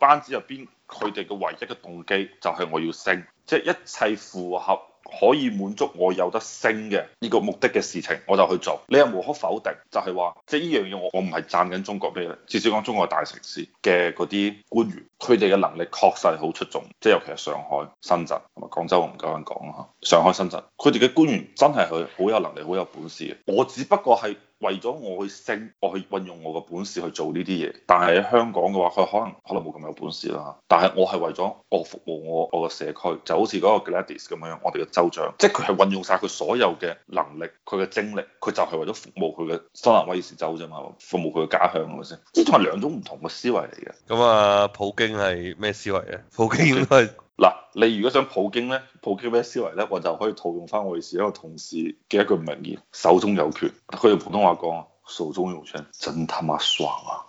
班子入邊，佢哋嘅唯一嘅動機就係我要升，即係一切符合可以滿足我有得升嘅呢個目的嘅事情，我就去做。你又無可否定，就係話，即係呢樣嘢，我我唔係贊緊中國咩？至少講中國大城市嘅嗰啲官員，佢哋嘅能力確實好出眾，即係尤其係上海、深圳同埋廣州，我唔夠膽講吓。上海、深圳，佢哋嘅官員真係佢好有能力、好有本事嘅。我只不過係。為咗我去升，我去運用我嘅本事去做呢啲嘢。但係喺香港嘅話，佢可能可能冇咁有，有本事啦。但係我係為咗我服務我我個社區，就好似嗰個 Gladys 咁樣，我哋嘅州長，即係佢係運用晒佢所有嘅能力、佢嘅精力，佢就係為咗服務佢嘅新南威爾士州啫嘛，服務佢嘅家鄉咁嘅先。呢啲係兩種唔同嘅思維嚟嘅。咁啊，普京係咩思維啊？普京應該嗱，你如果想普京咧，普京咩思維咧，我就可以套用翻我以前一個同事嘅一句名言：手中有權。佢用普通話講啊，手中有權，真他媽爽啊！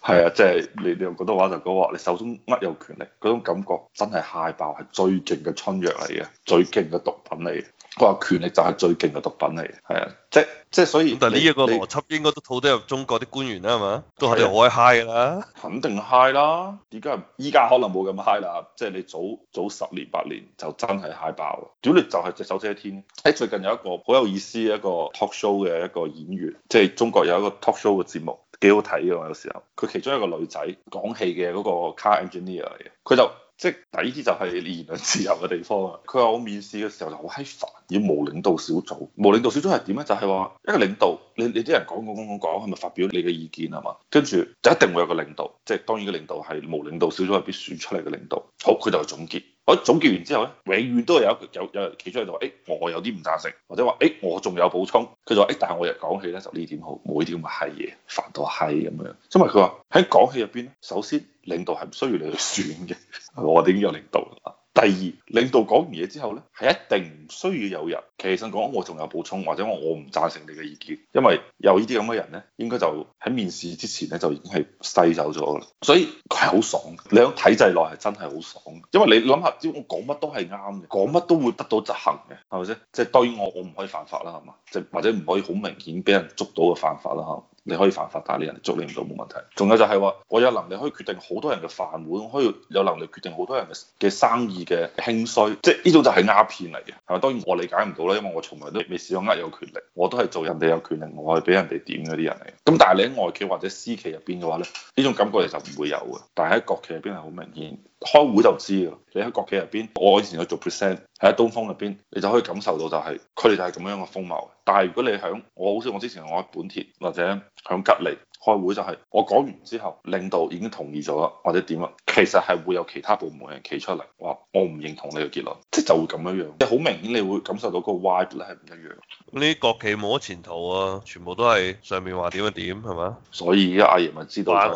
係 啊，即係你你用普通話就講話，你手中握有權力，嗰種感覺真係蟹爆，係最勁嘅春藥嚟嘅，最勁嘅毒品嚟嘅。我話權力就係最勁嘅毒品嚟，係啊，即即所以。但呢一個邏輯應該都套得入中國啲官員啦，係嘛？都係好 high 㗎啦，肯定 high 啦。而家依家可能冇咁 high 啦，即係你早早十年八年就真係 high 爆啦。屌，你就係隻手遮天。喺最近有一個好有意思嘅一個 talk show 嘅一個演員，即係中國有一個 talk show 嘅節目，幾好睇㗎嘛。有時候佢其中一個女仔講戲嘅嗰個 car engineer 嚟嘅，佢就。即係，第二啲就係言論自由嘅地方啦。佢話我面試嘅時候就好閪煩，要無領導小組。無領導小組係點咧？就係話一個領導，你你啲人講講講講講，係咪發表你嘅意見係嘛？跟住就一定會有個領導，即係當然個領導係無領導小組入邊選出嚟嘅領導。好，佢就係總結。我總結完之後咧，永遠都係有有有人企出喺度話，誒我有啲唔贊成，或者話，誒、欸、我仲有補充。佢就話，誒、欸、但係我日講起咧就呢點好，冇呢啲咁嘅閪嘢，煩到閪咁樣。因為佢話喺講起入邊咧，首先領導係唔需要你去選嘅，我點有領導啊？第二，領導講完嘢之後呢，係一定唔需要有人企起身講我仲有補充，或者話我唔贊成你嘅意見，因為有呢啲咁嘅人呢，應該就喺面試之前呢，就已經係篩走咗噶啦。所以佢係好爽，你喺體制內係真係好爽，因為你諗下，只要我講乜都係啱嘅，講乜都會得到執行嘅，係咪先？即係對於我，我唔可以犯法啦，係嘛？即係或者唔可以好明顯俾人捉到嘅犯法啦，嚇。你可以犯法，但係你人捉你唔到冇問題。仲有就係話，我有能力可以決定好多人嘅飯碗，可以有能力決定好多人嘅嘅生意嘅興衰，即係呢種就係鴉片嚟嘅，係咪？當然我理解唔到啦，因為我從來都未試過呃有權力，我都係做人哋有權力，我係俾人哋點嗰啲人嚟。咁但係你喺外企或者私企入邊嘅話咧，呢種感覺其實就唔會有嘅。但係喺國企入邊係好明顯。開會就知嘅，你喺國企入邊，我以前去做 present 喺東風入邊，你就可以感受到就係佢哋就係咁樣嘅風貌。但係如果你響我好少，我之前我喺本田或者響吉利，開會就係我講完之後，領導已經同意咗，或者點啊，其實係會有其他部門人企出嚟，話我唔認同你個結論，即就會咁樣樣，即好明顯你會感受到個 vibe 係唔一樣。呢啲國企冇乜前途啊，全部都係上面話點就點，係嘛？所以阿爺咪知道咗，唉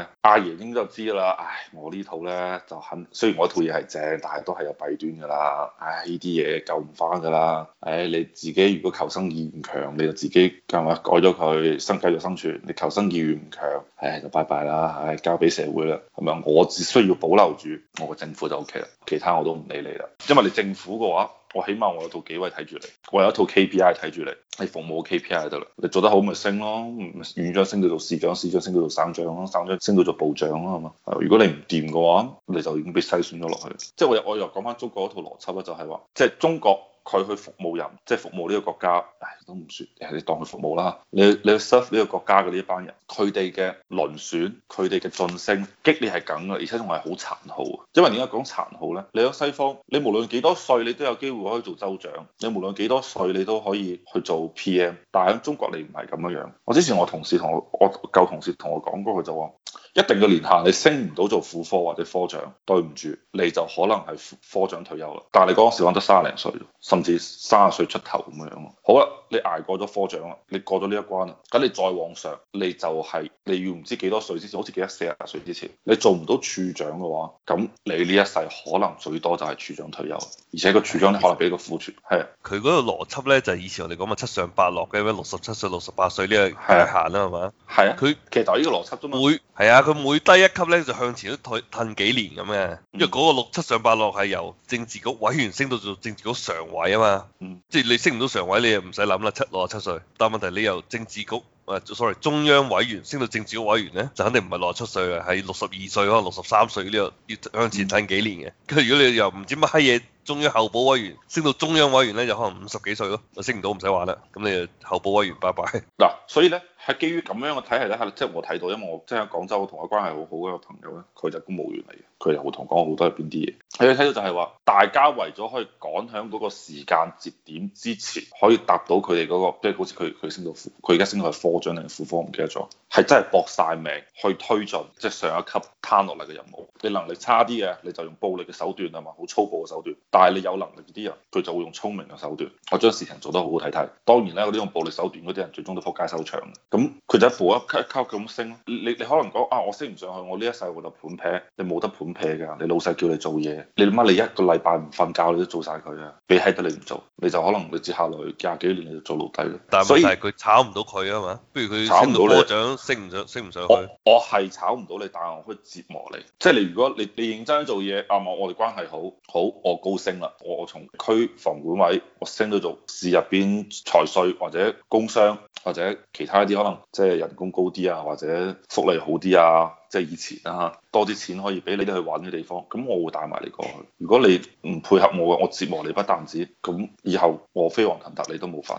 哇，阿爺應該就知啦，唉、哎，我呢套呢，就肯，雖然我套嘢係正，但係都係有弊端噶啦，唉、哎，呢啲嘢救唔翻噶啦，唉、哎，你自己如果求生意願強，你就自己係嘛改咗佢，生繼續生，生存，你求生。意願唔強，唉，就拜拜啦，唉，交俾社會啦，咁樣我只需要保留住我個政府就 O K 啦，其他我都唔理你啦，因為你政府嘅話，我起碼我有套紀委睇住你，我有一套 K P I 睇住你，你服務 K P I 得啦，你做得好咪升咯，縣長升到做市長，市長升到做省長咯，省長升到做部長咯，係嘛？如果你唔掂嘅話，你就已經被篩選咗落去，即係我我又講翻中國嗰套邏輯啦，就係話，即係中國。佢去服務人，即係服務呢個國家，唉，都唔算，你當佢服務啦。你你去 serve 呢個國家嘅呢一班人，佢哋嘅輪選，佢哋嘅晉升，激烈係梗嘅，而且仲係好殘酷。因為點解講殘酷呢，你喺西方，你無論幾多歲，你都有機會可以做州長；你無論幾多歲，你都可以去做 PM。但係喺中國，你唔係咁樣樣。我之前我同事同我，我舊同事同我講過，佢就話。一定嘅年限，你升唔到做副科或者科長，對唔住，你就可能係科長退休啦。但係你嗰時可能得卅零歲，甚至卅歲出頭咁樣咯。好啦，你挨過咗科長啦，你過咗呢一關啦，咁你再往上，你就係、是、你要唔知幾多歲之前，好似記得四十歲之前，你做唔到處長嘅話，咁你呢一世可能最多就係處長退休，而且個處長可能比個副處係。佢嗰個邏輯咧就係、是、以前我哋講啊七上八落嘅咩六十七歲六十八歲呢個界限啦係嘛，係啊，佢其實就係呢個邏輯啫嘛，會係啊。佢每低一級咧，就向前都褪褪幾年咁嘅。因為嗰個六七上八落係由政治局委員升到做政治局常委啊嘛。嗯。即係你升唔到常委你，你又唔使諗啦，七六啊七歲。但問題你由政治局啊，sorry，中央委員升到政治局委員咧，就肯定唔係六啊七歲嘅，係六十二歲或六十三歲呢、這個，要向前褪幾年嘅。跟住、嗯、如果你又唔知乜閪嘢。中央候補委員升到中央委員咧，就可能五十幾歲咯，就升唔到，唔使話啦。咁你啊，候補委員拜拜。嗱，所以咧係基於咁樣嘅體系咧，喺即係我睇到，因為我即係喺廣州同我關係好好嘅朋友咧，佢就公務員嚟嘅，佢又同講好多邊啲嘢。你睇到就係話，大家為咗可以趕喺嗰個時間節點之前，可以達到佢哋嗰個，即係好似佢佢升到副，佢而家升到係科長定係副科，唔記得咗，係真係搏晒命去推進即係上一級攤落嚟嘅任務。你能力差啲嘅，你就用暴力嘅手段同埋好粗暴嘅手段。但係你有能力啲人，佢就會用聰明嘅手段，我將事情做得好好睇睇。當然咧，嗰啲用暴力手段嗰啲人，最終都撲街收場。咁佢就一步一級一級咁升。你你可能講啊，我升唔上去，我呢一世我就盤劈。」你冇得盤劈㗎。你老細叫你做嘢，你諗乜你一個禮拜唔瞓覺，你都做晒佢啊。你係得你唔做，你就可能會接下來幾廿幾年你就做老奴但係。所以佢炒唔到佢啊嘛，不如佢升唔到。科長升唔上，升唔上去。我我係炒唔到你，但係我可以折磨你。即係你如果你你認真做嘢，阿某我哋關係好，好，好我高。升啦！我我從區房管委，我升到做市入邊財稅或者工商或者其他啲可能即係人工高啲啊，或者福利好啲啊，即係以前啊，多啲錢可以俾你哋去玩嘅地方，咁我會帶埋你過去。如果你唔配合我，我折磨你不單止，咁以後我飛黃騰達你都冇份，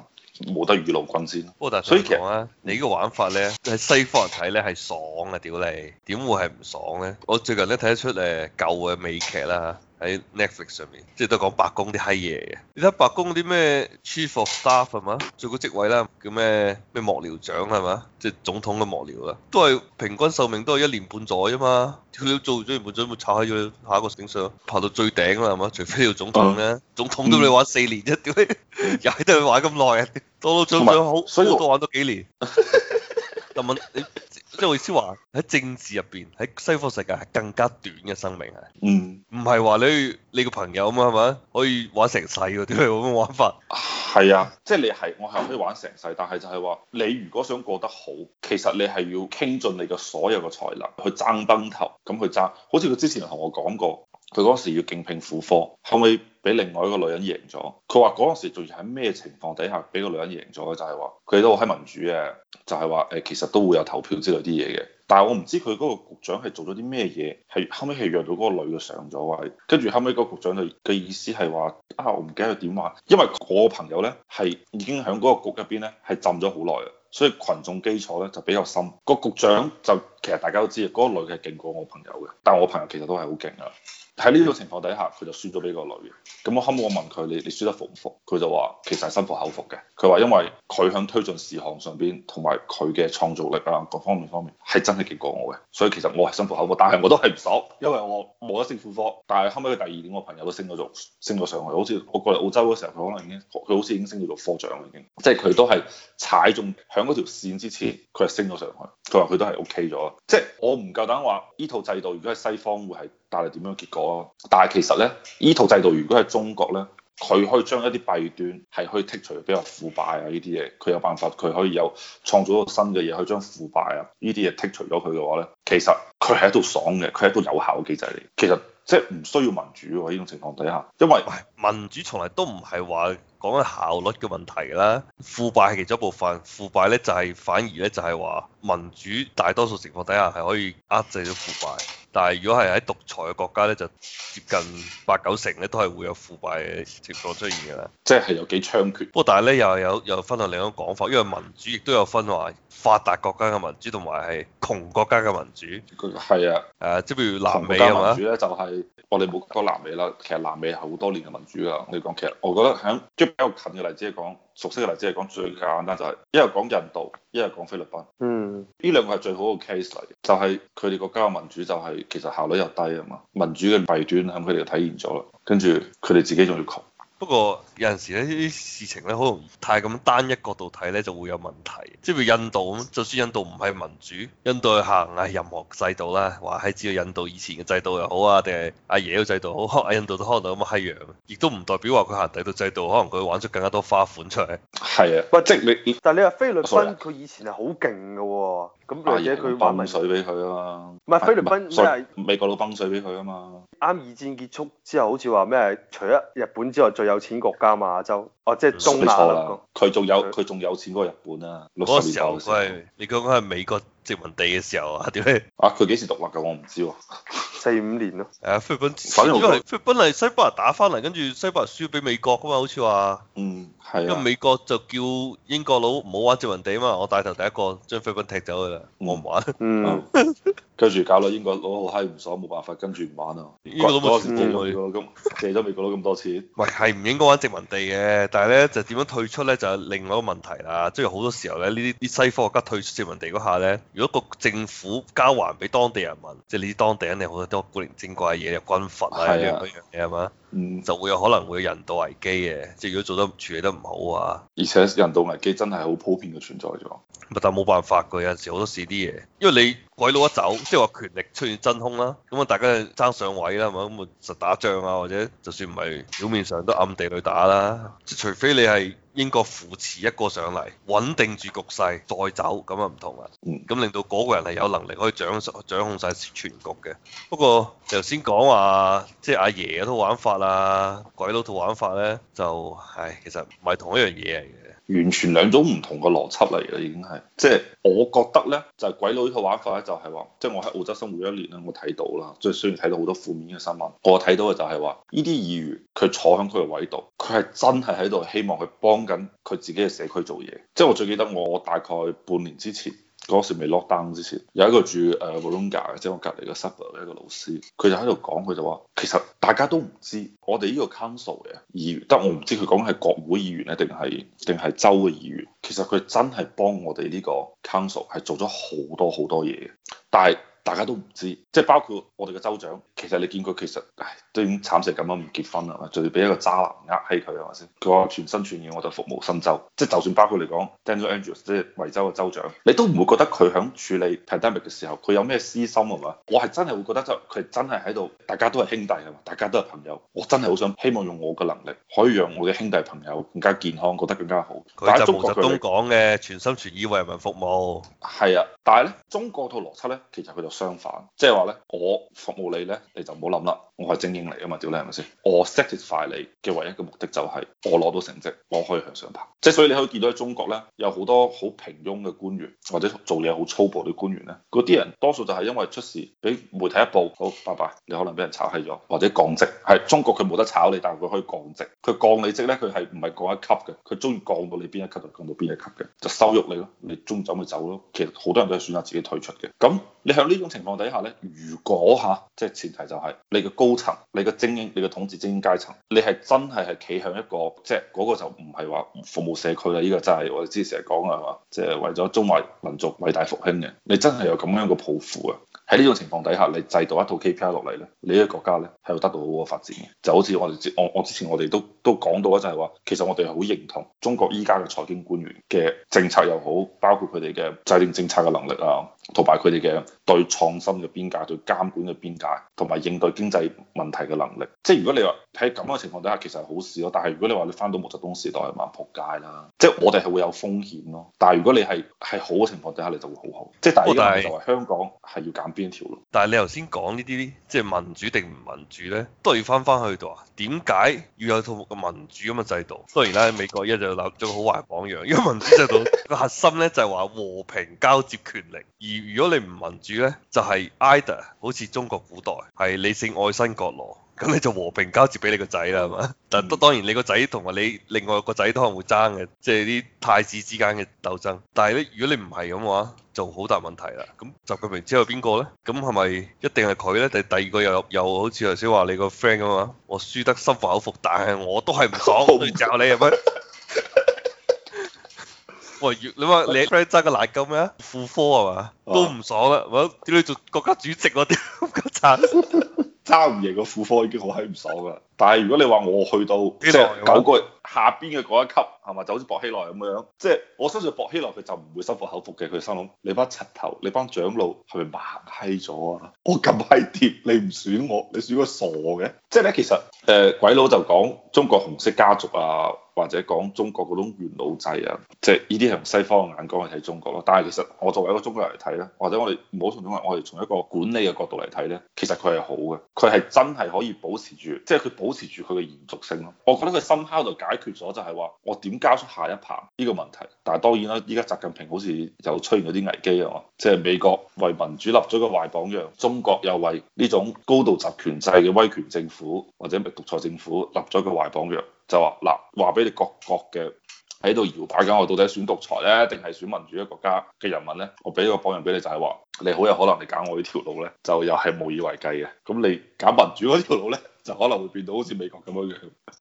冇得雨露均沾。所以其實啊，你呢個玩法咧，喺西方人睇咧，係爽啊，屌你，點會係唔爽咧？我最近咧睇一出誒舊嘅美劇啦喺 Netflix 上面，即係都講白宮啲閪嘢嘅。你睇白宮啲咩 Chief of Staff 係嘛，最高職位啦，叫咩咩幕僚長係嘛，即係總統嘅幕僚啦，都係平均壽命都係一年半載啊嘛。佢做咗完，準備炒閪咗，下一個升上爬到最頂啦係嘛，除非要總統咧，嗯、總統都你玩四年啫，屌，點解又喺度玩咁耐啊？多到總想好是是，所以我都玩咗幾年。以 咁樣你，即係 我意思話喺政治入邊，喺西方世界係更加短嘅生命啊！嗯，唔係話你你個朋友啊嘛，係咪可以玩成世喎？點解咁玩法？係啊，即係你係我係可以玩成世，但係就係話你如果想過得好，其實你係要傾盡你嘅所有嘅才能去爭崩頭，咁去爭。好似佢之前同我講過。佢嗰時要競聘婦科，後尾俾另外一個女人贏咗。佢話嗰陣時仲要喺咩情況底下俾個女人贏咗嘅，就係話佢都好民主啊，就係話誒其實都會有投票之類啲嘢嘅。但係我唔知佢嗰個局長係做咗啲咩嘢，係後尾係讓到嗰個女嘅上咗位，跟住後尾個局長佢嘅意思係話啊，我唔記得佢點話，因為我個朋友咧係已經喺嗰個局入邊咧係浸咗好耐啊。所以群眾基礎咧就比較深，個局長就其實大家都知啊，嗰個女嘅勁過我朋友嘅，但我朋友其實都係好勁啊。喺呢種情況底下，佢就輸咗俾個女嘅。咁我後尾我問佢：你你輸得服唔服？佢就話其實係心服口服嘅。佢話因為佢喺推進事項上邊同埋佢嘅創造力啊各方面方面係真係勁過我嘅，所以其實我係心服口服，但係我都係唔爽，因為我冇得升副科，但係後尾佢第二年我朋友都升咗做升咗上去，好似我過嚟澳洲嘅時候佢可能已經佢好似已經升咗做科長已經，即係佢都係踩中喺嗰條線之前，佢係升咗上去。佢話佢都係 OK 咗，即係我唔夠膽話依套制度如果喺西方會係帶來點樣結果咯啊。但係其實呢，依套制度如果喺中國呢，佢可以將一啲弊端係可以剔除比較腐敗啊呢啲嘢，佢有辦法佢可以有創造到新嘅嘢，可以將腐敗啊呢啲嘢剔除咗佢嘅話呢，其實佢係一套爽嘅，佢係一套有效嘅機制嚟。其實。即係唔需要民主喎，呢種情況底下，因為民主從來都唔係話講緊效率嘅問題啦，腐敗係其中一部分，腐敗呢就係反而呢，就係話民主大多數情況底下係可以遏制到腐敗，但係如果係喺獨裁嘅國家呢，就接近八九成呢都係會有腐敗嘅情況出現嘅啦，即係有幾猖獗。不過但係呢，又有有，有分下另一種講法，因為民主亦都有分話。發達國家嘅民主同埋係窮國家嘅民主，係啊，誒、呃，即係譬如南美嘅民主咧就係、是、我哋冇講南美啦，其實南美係好多年嘅民主㗎。我哋講其實，我覺得響即係比較近嘅例子嚟講，熟悉嘅例子嚟講，最簡單就係、是，一係講印度，一係講菲律賓，嗯，呢兩個係最好嘅 case 嚟，就係佢哋國家嘅民主就係、是、其實效率又低啊嘛，民主嘅弊端喺佢哋就體現咗啦，跟住佢哋自己仲要窮。不過有陣時咧，啲事情咧可能太咁單一角度睇咧，就會有問題。即係譬如印度咁，就算印度唔係民主，印度行係任何制度啦，話係知道印度以前嘅制度又好啊，定係阿爺嘅制度好，阿印度都可能 handle 到咁閪樣，亦都唔代表話佢行第二制度，可能佢玩出更加多花款出嚟。係啊，喂，即係你，但係你話菲律賓佢以前係好勁㗎喎。咁或者佢玩水俾佢啊嘛，唔係菲律賓咩？美國佬泵水俾佢啊嘛。啱二戰結束之後，好似話咩？除咗日本之外，最有錢國家嘛亞洲。哦，即係中立佢仲有佢仲有錢過日本啊，嗰個時候喂，你講開係美國殖民地嘅時候啊，點咧？啊，佢幾時獨立嘅？我唔知，四五年咯。誒、啊，菲律賓， 反正係好菲律賓係西班牙打翻嚟，跟住西班牙輸俾美國啊嘛，好似話，嗯，係、啊。因為美國就叫英國佬唔好玩殖民地啊嘛，我帶頭第一個將菲律賓踢走嘅啦，我唔玩。嗯。 跟住搞到英國佬好閪，唔爽，冇辦法，跟住唔玩咯。咁借咗美國咁 多錢，咪係唔應該玩殖民地嘅。但係咧就點樣退出咧，就係另外一個問題啦。即係好多時候咧，呢啲啲西科學家退出殖民地嗰下咧，如果個政府交還俾當地人民，即係你當地人哋好多多古靈精怪嘅嘢，軍閥啊，啊，樣嘢係嘛，嗯，就會有可能會有人道危機嘅。即係如果做得處理得唔好啊，而且人道危機真係好普遍嘅存在咗。但係冇辦法嘅，有陣時好多事啲嘢，因為你鬼佬一走。 即係話權力出現真空啦，咁啊大家爭上位啦，咁啊實打仗啊，或者就算唔係表面上都暗地裏打啦，即係除非你係。英國扶持一個上嚟，穩定住局勢再走，咁啊唔同啦。咁、嗯、令到嗰個人係有能力可以掌掌控晒全局嘅。不過頭先講話即係阿爺嗰套玩法啊，鬼佬套玩法呢，就係其實唔係同一樣嘢嚟嘅，完全兩種唔同嘅邏輯嚟嘅已經係。即係我覺得呢，就係鬼佬呢套玩法咧，就係話，即係我喺澳洲生活一年啦，我睇到啦，即係雖然睇到好多負面嘅新聞，我睇到嘅就係話，呢啲議員佢坐喺佢嘅位度，佢係真係喺度希望去幫。講緊佢自己嘅社區做嘢，即係我最記得我大概半年之前嗰時未 lock down 之前，有一個住誒 Vulnja 即係我隔離嘅 sub 嘅一個老師，佢就喺度講，佢就話其實大家都唔知我哋呢個 council 嘅議員，但我唔知佢講係國會議員定係定係州嘅議員，其實佢真係幫我哋呢個 council 係做咗好多好多嘢嘅，但係大家都唔知，即係包括我哋嘅州長。其實你見佢其實唉都已經慘死咁樣唔結婚啦，仲要俾一個渣男呃欺佢係咪先？佢話全心全意，我覺得服務新州，即係就算包括嚟講，Daniel Andrews 即係維州嘅州長，你都唔會覺得佢響處理 Pandemic 嘅時候，佢有咩私心係嘛？我係真係會覺得就佢真係喺度，大家都係兄弟係嘛，大家都係朋友，我真係好想希望用我嘅能力，可以讓我嘅兄弟朋友更加健，健康，覺得更加好。佢就毛澤東講嘅全心全意為人民服務，係啊，但係咧中國套邏輯咧，其實佢就相反，即係話咧我服務你咧。你就唔好諗啦，我係精英嚟噶嘛，屌你係咪先？我 satisfy 你嘅唯一嘅目的就係我攞到成績，我可以向上爬。即係所以你可以見到喺中國咧，有好多好平庸嘅官員，或者做嘢好粗暴啲官員咧，嗰啲人多數就係因為出事俾媒體一報，好拜拜，你可能俾人炒起咗，或者降職。係中國佢冇得炒你，但係佢可以降職。佢降你職咧，佢係唔係降一級嘅？佢中意降到你邊一級就降到邊一級嘅，就羞辱你咯，你中意走咪走咯。其實好多人都係選擇自己退出嘅。咁你喺呢種情況底下咧，如果吓，即係前提。就係你個高層，你個精英，你個統治精英階層，你係真係係企向一個，即係嗰個就唔係話服務社區啦，呢個就係我哋之前成日講嘅係嘛，即係為咗中華民族偉大復興嘅，你真係有咁樣個抱負啊！喺呢種情況底下，你製度一套 KPI 落嚟咧，你呢個國家咧係會得到好好嘅發展嘅，就好似我哋我我之前我哋都都講到就係話，其實我哋好認同中國依家嘅財經官員嘅政策又好，包括佢哋嘅制定政策嘅能力啊。同埋佢哋嘅對創新嘅邊界、對監管嘅邊界，同埋應對經濟問題嘅能力。即係如果你話喺咁嘅情況底下，其實係好事咯。但係如果你話你翻到毛澤東時代，就麻煩撲街啦。即係我哋係會有風險咯。但係如果你係係好嘅情況底下，你就會好好。即係但係作為香港係要揀邊條路。但係你頭先講呢啲，即係民主定唔民主咧，都係要翻翻去度啊？點解要有套嘅民主咁嘅制度？雖然啦，美國一就立咗個好壞榜樣。因為民主制度個核心咧 就係話和平交接權力，如果你唔民主呢，就係 either，好似中國古代，係你姓愛新覺羅，咁你就和平交接俾你個仔啦，係嘛？嗯、但當然你個仔同埋你另外個仔都可能會爭嘅，即係啲太子之間嘅鬥爭。但係呢，如果你唔係咁嘅話，就好大問題啦。咁習近平之後邊個呢？咁係咪一定係佢呢？定第二個又又好似頭先話你個 friend 咁啊？我輸得心服口服，但係我都係唔爽，我要嚼你啊！ 喂，你話你 friend 爭個懶金咩？副科係嘛，都唔爽啦。唔好點做國家主席喎，啊？點咁嘆？爭唔贏個副科已經好閪唔爽啦。但係如果你話我去到即係九個下邊嘅嗰一級係咪就好似薄熙來咁樣，即係我相信薄熙來佢就唔會心服口服嘅。佢心諗你班柒頭，你班長老係咪白閪咗啊？我咁閪貼，你唔選我，你選個傻嘅。即係咧，其實誒鬼佬就講中國紅色家族啊，或者講中國嗰種元老制啊，即係呢啲係用西方嘅眼光去睇中國咯。但係其實我作為一個中國人嚟睇咧，或者我哋唔好從中國人，我哋從一個管理嘅角度嚟睇咧，其實佢係好嘅，佢係真係可以保持住，即係佢。保持住佢嘅延續性咯，我覺得佢深刻就解決咗就係話我點交出下一棒呢個問題。但係當然啦，依家習近平好似又出現咗啲危機啊，即係美國為民主立咗個壞榜樣，中國又為呢種高度集權制嘅威權政府或者獨裁政府立咗個壞榜樣就，就話嗱話俾你各國嘅喺度搖擺緊，我到底選獨裁呢？定係選民主嘅國家嘅人民呢？我俾一個榜樣俾你，就係話你好有可能你揀我呢條路呢，就又係無以為繼嘅。咁你揀民主嗰條路呢。 就可能會變到好似美國咁樣樣。